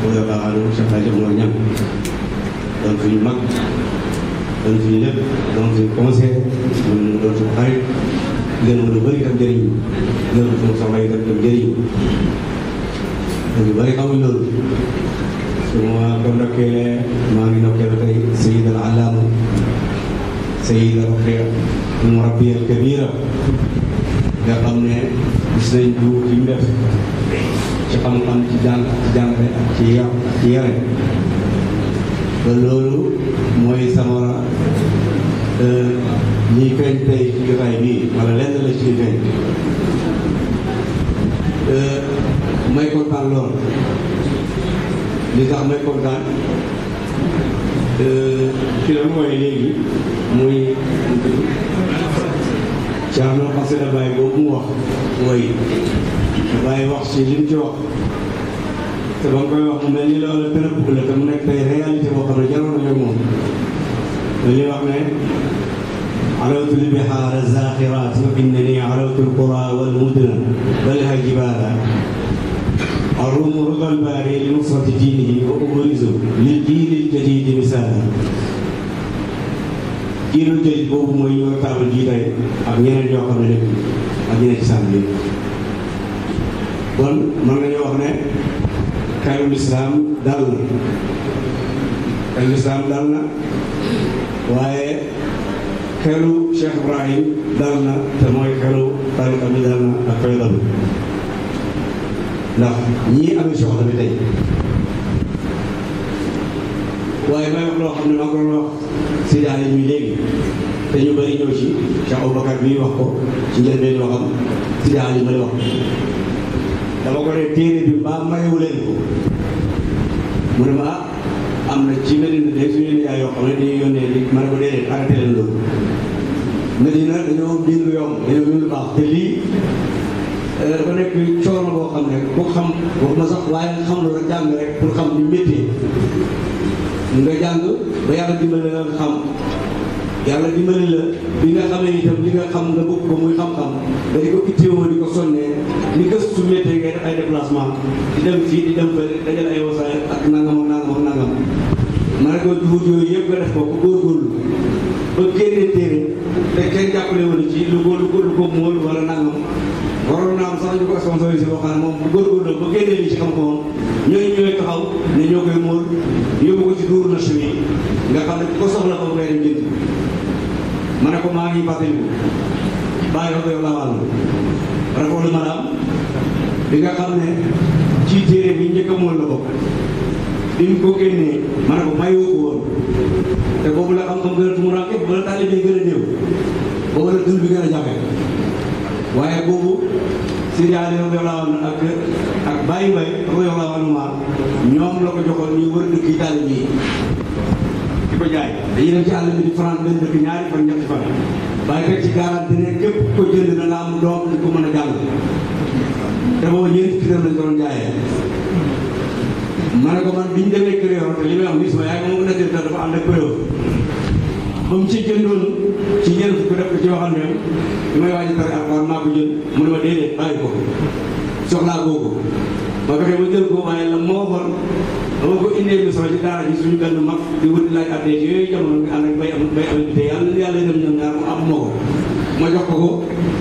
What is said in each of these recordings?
booyoo baax a nu Cheikh Baye Cheikh Mor Niang doon suñu mag doon suñu lépp doon suñu conseil doon doon suñu xarit gën ma lu bëri itam jëriñ gën ma suñu soxla itam itam jëriñ ñu bëri xamuñ loolu su ma ko ndokkeelee maa ne gis nañ bu ci xam-xam ci jàng ci jàngale ak ci yar ci yare loolu mooy samara euh, ñuy feeñ tey ci jotaay bii wala lenn la ci feeñ euh, may kontaan lool li tax may kontaan euh, ci la mooy léegi muy Thierno xasida Baye boobu mu wax mooy Baye wax ci li mu ci wax te ba nga koy wax mu mel ni loolu béréb la te mu nekk tey réalité boo xam ne jaroon nañoo moom dañuy wax ne alawtu lbihaara zaaxiraat wa innani alawtu lqura wal mudna balha jibaala arumu rubal baari li nusrati diinihi wa ubrizu lil diini ljadidi misaala diiru tëj boobu mooy ñu war a taamu jiitay ak ñeneen ñoo xam ne nekk ak ñeneen ci sàmm yëpp kon mën nañoo wax ne kayu lislaam dal na kayu lislaam na waaye xelu Cheikh Ibrahim dal na te mooy xelu na ak fayda bi ndax ñii amee soxla waaye may wax loo xam ne maa ngi doon wax si daal yi ñu léegi te ñu bëri ñëw ci Cheikh Aboubacar mi wax ko ci njëlbeen loo xam si daal yi may wax dama ko ne téere bi maa mayewu leen ko mu ne ma ah, am na ci Medina de suñu nijaay yoo xam ne dañuy yónnee li ma ne ko déedéet arrêté leen loolu Medina dañoo bind lu yomb dañoo bind lu baax te lii eh, dafa nekk coono boo xam ne ku xam wax ma sax waaye xam lu rek jàng rek pour xam ñu métti nga jàng ba yàlla dimbale la nga xam yàlla dimbale li nga xam nga bëgg muy xam-xam dañ ko itteewoo di ko sonnee li gëstu méttee ngay def ay déplacement di dem fii di dem fële dajal ay wasaay ak nangam ak nangam ak nangam ma ne ko juut yooyu yëpp nga ko ko góorgóorlu ba génnee téere te kenn jàppale woon ci lu ko mool wala nangam waroon naa am sax ñu ko sponsorisé boo xam ne moom bu góorgóorlu ba génnee li ci xam-xamam ñooñu ñooy taxaw ne ñoo koy mool ci duuru na chemin nga xam ne ko soxla boobu ngay dem jënd ma ne ko maa ngi fàttaliku bàyyi ko yow laa wàll rakoolu madame bi nga xam ne ci téere bi njëkk a mool la bokk bi mu ko génnee ma ne ko mayoo ko woon te boobu la xam-xam gën a tumuraan képp ba la taalibe gën a néew boobu la dund bi gën a jafe waaye boobu Seydi Ali radiyallaahu anhu ak ak Baye Mbaye radiyallaahu anhumaa ñoom la ko joxoon ñu wër dëkk yi daal di di ko jaay dañuy ci àll di France benn dëkk ñaari fan ñetti fan bàyyi ko ci garanti ne képp ko jënd na nga am doom di ko mën a jàng te boobu ñeenti ci dem lañ ko doon jaayee. ma ko man biñ demee kër yoo xam ne li may wax nii sama yaay moom mu nekk dafa ànd ak ba mu ci jëndoon ci ñeent fukk def ko ci waxal ne may waaj a tari alxuraan naa ko jël mu ne ma la moo ko indee émission ci daara ji suñu benn mag di wër laaj addee yooyu jamono bi ànd ak bay am bay am bi te yàlla yàlla dem ñoom ñaar mu am moo ko ma jox ko ko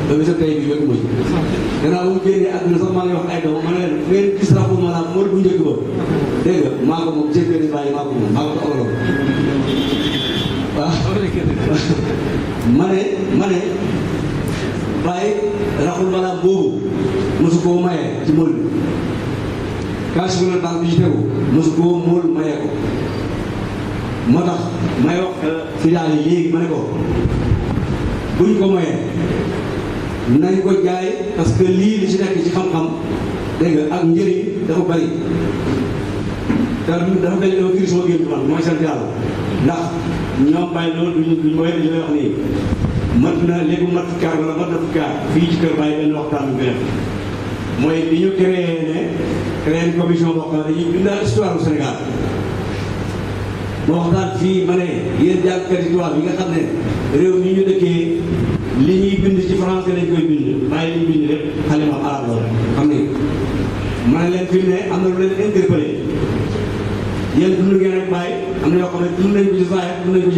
ba bi sa tey bi yëpp ma ci gannaaw bu génnee àdduna sax maa ngi wax ay doom ma ne waaw ma ne ma ne bàyyi boobu mosu koo maye ci mool bi kaas bu la baax bi ci tegu mosu koo mool maye ko moo tax may wax euh, fidaal yi léegi ma ne ko buñ ko maye nañ ko jaay parce que lii li ci nekk ci xam-xam dégg ak njëriñ dafa bari te dafa mel dafa gën a gën mooy sant yàlla ndax. ñoom bàyyi loolu duñ duñ mooy li may wax nii mat na léegi mat kaar wala mat na fu kaar fii ci kër bàyyi benn waxtaan bu benn mooy bi ñu créé ne créé une commission boo xam ne dañuy bindaal histoire du Sénégal moo waxtaan fii ma ne yéen jàngkati tubaab yi nga xam ne réew mi ñu dëkkee li ñuy bind ci français lañ koy bind bàyyi liñ bind lépp xale ma arab la xam ne ma ne leen fi ne am na lu leen interpellé yéen dund ngeen ak am na yoo xam ne dund nañ ko ci saa dund nañ ko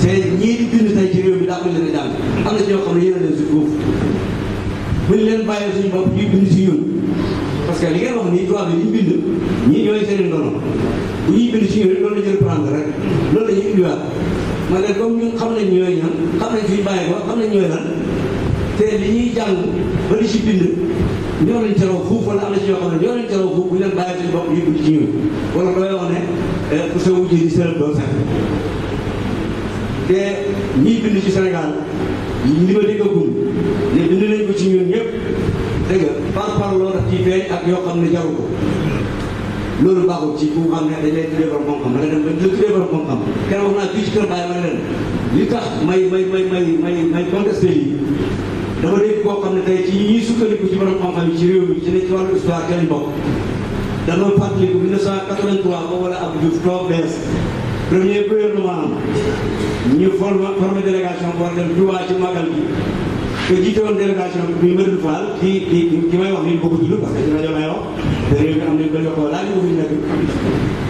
di dund tey ci réew mi dàq leen a jàng am na ci yoo xam ne yéen a leen si góof bu ñu leen bàyyee suñu si ñun parce que li ngeen wax nii tubaab yi ñu bind ñii ñooy seen i ndono bu ñuy bind si ñun loolu la jël prendre rek loolu la ñuy indiwaat ma ne comme ñun xam nañ ñooy ñan xam nañ suñu bàyyi ko xam nañ ñooy te li ñuy jàng ba li si bind ñoo leen ca raw fuuf wala am na ci yoo xam ne ñoo leen ca raw fuuf bu ñu leen bàyyi suñu bopp yóbbu ci ñun wala dooy wax ne eh, ku sa wujj di sërëb doo sax te ñiy bind ci Sénégal li ma déggagum ne bind nañ ko ci ñun ñëpp dégg nga ne jaru ko loolu baaxul ci ku ne dañ lay tuddee borom da nga dem ba ñu la tuddee borom xam-xam kenn wax ci kër ma ne li tax may may may may may may contesté dama dégg koo xam ne tey ci ñuy sukkandiku ci borom xam-xam yi ci réew mi ci ne ci histoire kenn bokk dama fàttaliku 1983 ba wala Abdou Diouf toog bees premier gouvernement am ñu formé formé délégation bu war dem Touba ci magal bi te jiite woon délégation bi muy Madou Fall di di di may wax ni bëgg tudd parce que ci rajo may wax te réew mi am nañ benn koo laaj mu nekk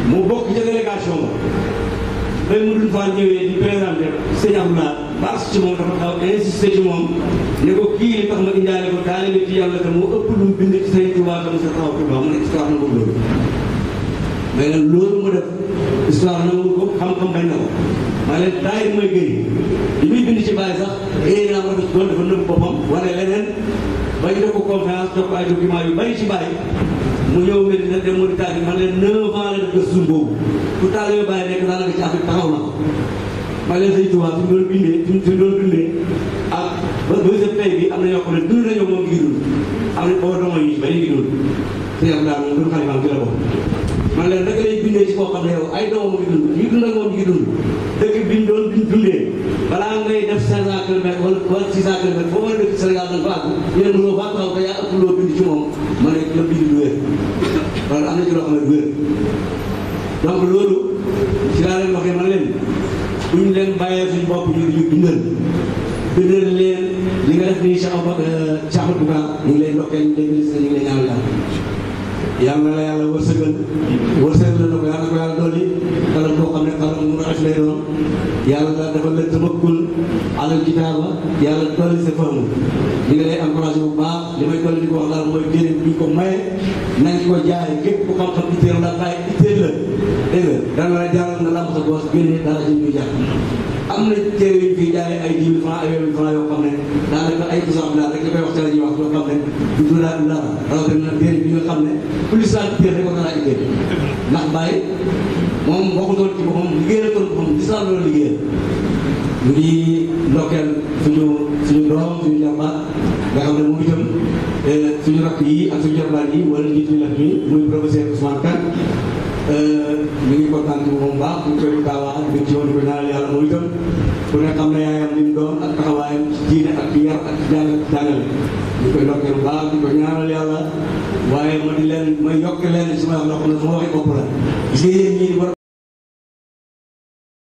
mu bokk ca délégation ba bay Madou Fall ñëwee di ma agsi ci moom dafa taxaw insisté ci moom ne ko kii li ma indaale ko taalibe ci yàlla te moo ëpp lu mu bind ci Sëriñ Tuubaa tam sa taxaw Tuubaa mu ne histoire na ko loolu mais nag loolu mu def histoire nangu ko xam ko maa leen daay mooy gën li muy ci bàyyi sax éne naa ko doon dafa nëbb boppam wane leneen bañ def ko conférence jox ko ay document yu bari ci bàyyi mu ñëw mel na dem Mauritanie man leen neuf ans la def gëstu boobu ku taalee bàyyi nekk daanaka ci Afrique taxaw na ko magal Sëñ Tuubaa suñ doon ba bi am na ñoo xam ba ñu ay doomo ngi bi ñu doon dundee balaa ngay def cinq cent kilomètres wala wala six cent kilomètres boo war a dëkk Sénégal nga baax ñu ne loo bind ci moom ma ne la bind du wér wala am na ci loo xam ne du wér loolu bopp ñu ngi ñu dundal dundal leen li nga def nii Cheikh Amadou Ba euh, ñu ngi lay ndokkeel ñu ngi lay ministre ñu ngi lay ñaanal yàlla na la yàlla wërsëgal wërsëgal la na ko yàlla na ko yàlla dolli xalam boo xam ne xalam mu rafet lay doon yàlla daal dafa la tabakkul alal kitaaba yàlla dolli sa faham li nga lay encouragé bu baax li may dolli di ko wax daal mooy déedéet duñ ko maye nañ ko jaay képp ku xam-xam itteel la bàyyi itteel la dégg nga dana la jàllal nga làmb sa boos génne dara ci ñuy jàpp am na teew yu fiy jaay ay 10 000F ay 20 000F yoo xam ne daanaka ay exemple daal rek dafay wax ci la wax loo ne du dul daal dara rawatina téere bi nga xam ne plus la téere rek war na laa itteel ndax Baye moom bokkutoon ci boppam liggéeyal toon boppam gis naa loolu liggéeyal ñu ngi ndokkeel suñu suñu doom suñu jàmbaar nga xam ne moom itam eh, suñu rakk yi ak suñu jàmbaar yi wala njiit ñu nag ñi muy professeur Ousmane Kane Euh, mi ngi kontaan bu baax ñu koy gaawaa ak ñu ci woon ko ñaanal yàlla mooy itam ku ne xam ne yaayam doon ak taxawaayam ci diine ak yar ak jàng jàngale ñu koy ndokkee bu baax ñu ko ñaanal yàlla waaye ma di leen ma yokk leen si ma wax loo xam ne su ma waxee bopp la